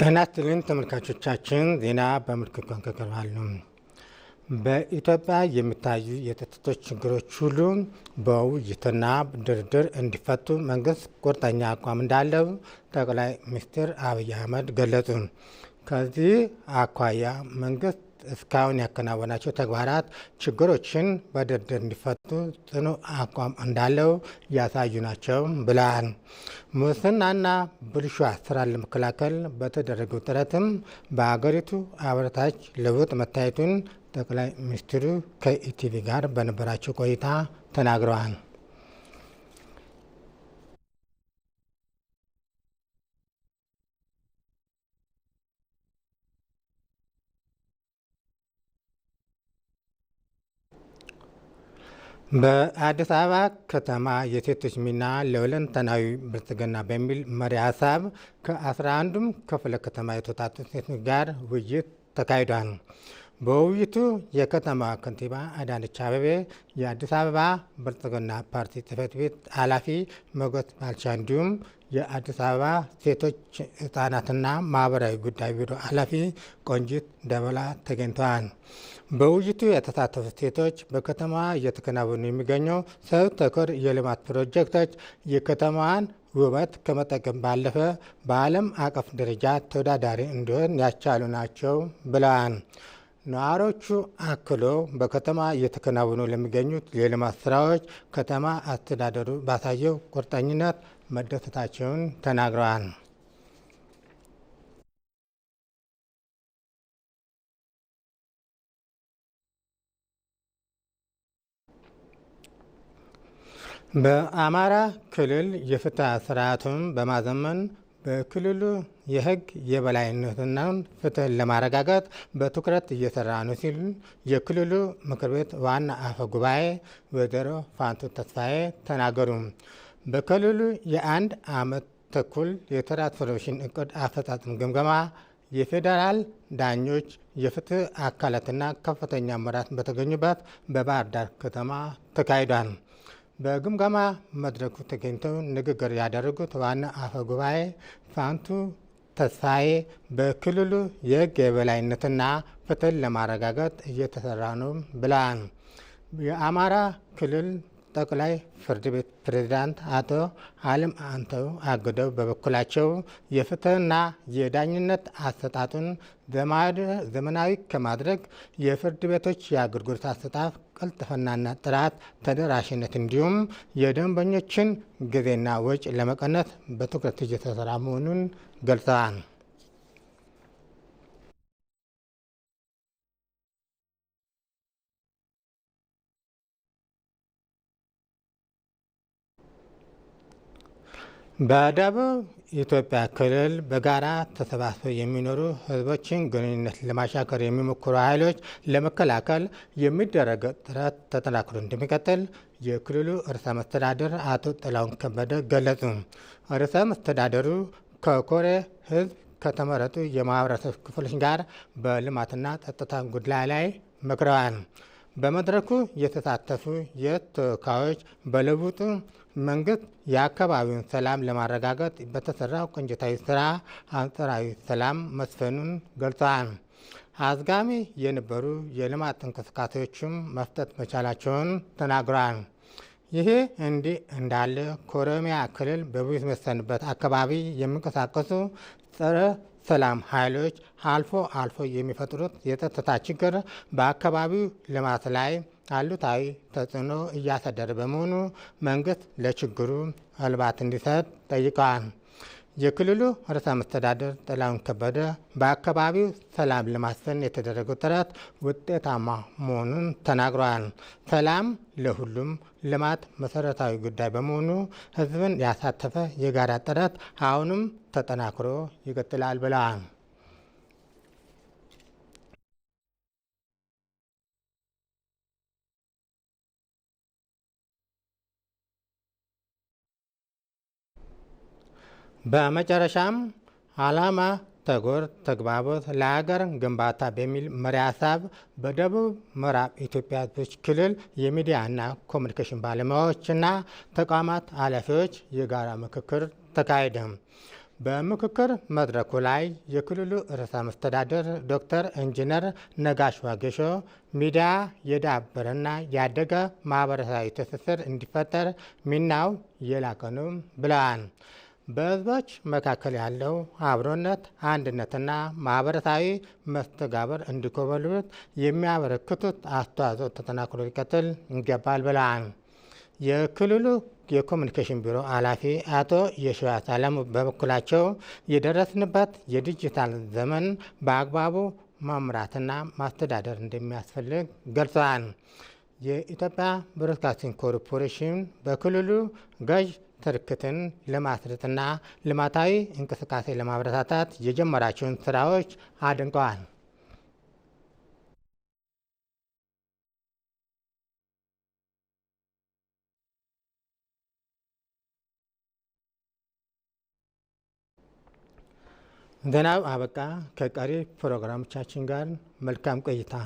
ጤና ይስጥልን ተመልካቾቻችን፣ ዜና በምልክት ቋንቋ ይቀርባል። በኢትዮጵያ የሚታዩ የጥጥቶች ችግሮች ሁሉ በውይይትና ድርድር እንዲፈቱ መንግስት ቁርጠኛ አቋም እንዳለው ጠቅላይ ሚኒስትር አብይ አህመድ ገለጹ። ከዚህ አኳያ መንግስት እስካሁን ያከናወናቸው ተግባራት ችግሮችን በድርድር እንዲፈቱ ጽኑ አቋም እንዳለው እያሳዩ ናቸው ብለዋል። ሙስናና ብልሹ አሰራር ለመከላከል በተደረገው ጥረትም በሀገሪቱ አበረታች ለውጥ መታየቱን ጠቅላይ ሚኒስትሩ ከኢቲቪ ጋር በነበራቸው ቆይታ ተናግረዋል። በአዲስ አበባ ከተማ የሴቶች ሚና ለሁለንተናዊ ብልጽግና በሚል መሪ ሀሳብ ከ11ዱም ክፍለ ከተማ የተውጣጡ ሴቶች ጋር ውይይት ተካሂዷል። በውይይቱ የከተማ ከንቲባ አዳነች አበቤ፣ የአዲስ አበባ ብልጽግና ፓርቲ ጽህፈት ቤት ኃላፊ መጎት ባልቻ እንዲሁም የአዲስ አበባ ሴቶች ህጻናትና ማህበራዊ ጉዳይ ቢሮ ኃላፊ ቆንጂት ደበላ ተገኝተዋል። በውይይቱ የተሳተፉት ሴቶች በከተማዋ እየተከናወኑ የሚገኘው ሰው ተኮር የልማት ፕሮጀክቶች የከተማዋን ውበት ከመጠቀም ባለፈ በዓለም አቀፍ ደረጃ ተወዳዳሪ እንዲሆን ያስቻሉ ናቸው ብለዋል። ነዋሪዎቹ አክሎ በከተማ እየተከናወኑ ለሚገኙት የልማት ስራዎች ከተማ አስተዳደሩ ባሳየው ቁርጠኝነት መደሰታቸውን ተናግረዋል። በአማራ ክልል የፍትህ ስርዓቱን በማዘመን በክልሉ የህግ የበላይነትና ፍትህን ለማረጋገጥ በትኩረት እየሰራ ነው ሲሉ የክልሉ ምክር ቤት ዋና አፈ ጉባኤ ወይዘሮ ፋንቱ ተስፋዬ ተናገሩ። በክልሉ የአንድ ዓመት ተኩል የሥራ እቅድ አፈጻጸም ግምገማ የፌዴራል ዳኞች የፍትህ አካላትና ከፍተኛ አመራር በተገኙበት በባህር ዳር ከተማ ተካሂዷል። በግምገማ መድረኩ ተገኝተው ንግግር ያደረጉት ዋና አፈ ጉባኤ ፋንቱ ተስፋዬ በክልሉ የሕግ የበላይነትና ፍትህን ለማረጋገጥ እየተሰራ ነው ብለዋል። የአማራ ክልል ጠቅላይ ፍርድ ቤት ፕሬዝዳንት አቶ አለም አንተው አግደው በበኩላቸው የፍትህና የዳኝነት አሰጣጡን ዘመናዊ ከማድረግ የፍርድ ቤቶች የአገልግሎት አሰጣፍ ቅልጥፍናና ጥራት ተደራሽነት እንዲሁም የደንበኞችን ጊዜና ወጪ ለመቀነስ በትኩረት እየተሰራ መሆኑን ገልጸዋል። በደቡብ ኢትዮጵያ ክልል በጋራ ተሰባስበው የሚኖሩ ህዝቦችን ግንኙነት ለማሻከር የሚሞክሩ ኃይሎች ለመከላከል የሚደረግ ጥረት ተጠናክሮ እንደሚቀጥል የክልሉ ርዕሰ መስተዳደር አቶ ጥላሁን ከበደ ገለጹ። ርዕሰ መስተዳደሩ ከኮሬ ህዝብ ከተመረጡ የማህበረሰብ ክፍሎች ጋር በልማትና ጸጥታ ጉዳይ ላይ መክረዋል። በመድረኩ የተሳተፉ የተወካዮች በለውጡ መንግስት የአካባቢውን ሰላም ለማረጋገጥ በተሰራው ቅንጅታዊ ስራ አንጻራዊ ሰላም መስፈኑን ገልጸዋል። አዝጋሚ የነበሩ የልማት እንቅስቃሴዎችም መፍጠት መቻላቸውን ተናግረዋል። ይሄ እንዲህ እንዳለ ከኦሮሚያ ክልል በሚወሰንበት አካባቢ የሚንቀሳቀሱ ጸረ ሰላም ኃይሎች አልፎ አልፎ የሚፈጥሩት የጸጥታ ችግር በአካባቢው ልማት ላይ አሉታዊ ተጽዕኖ እያሳደረ በመሆኑ መንግስት ለችግሩ እልባት እንዲሰጥ ጠይቀዋል። የክልሉ ርዕሰ መስተዳደር ጥላሁን ከበደ በአካባቢው ሰላም ለማስፈን የተደረገው ጥረት ውጤታማ መሆኑን ተናግረዋል። ሰላም ለሁሉም ልማት መሰረታዊ ጉዳይ በመሆኑ ሕዝብን ያሳተፈ የጋራ ጥረት አሁንም ተጠናክሮ ይቀጥላል ብለዋል። በመጨረሻም ዓላማ ተጎር ተግባቦት ለሀገር ግንባታ በሚል መሪ ሀሳብ በደቡብ ምዕራብ ኢትዮጵያ ሕዝቦች ክልል የሚዲያና ኮሚኒኬሽን ባለሙያዎችና ተቋማት ኃላፊዎች የጋራ ምክክር ተካሄደ። በምክክር መድረኩ ላይ የክልሉ ርዕሰ መስተዳደር ዶክተር ኢንጂነር ነጋሽ ዋጌሾ ሚዲያ የዳበረና ያደገ ማህበረሰባዊ ትስስር እንዲፈጠር ሚናው የላቀ ነው ብለዋል። በህዝቦች መካከል ያለው አብሮነት አንድነትና ማህበረታዊ መስተጋብር እንዲጎበሉት የሚያበረክቱት አስተዋጽኦ ተጠናክሮ ሊቀጥል ይገባል ብለዋል። የክልሉ የኮሚኒኬሽን ቢሮ ኃላፊ አቶ የሸዋስ አለሙ በበኩላቸው የደረስንበት የዲጂታል ዘመን በአግባቡ መምራትና ማስተዳደር እንደሚያስፈልግ ገልጸዋል። የኢትዮጵያ ብሮድካስቲንግ ኮርፖሬሽን በክልሉ ገዥ ትርክትን ለማስረጽና ልማታዊ እንቅስቃሴ ለማበረታታት የጀመራቸውን ስራዎች አድንቀዋል። ዜናው አበቃ። ከቀሪ ፕሮግራሞቻችን ጋር መልካም ቆይታ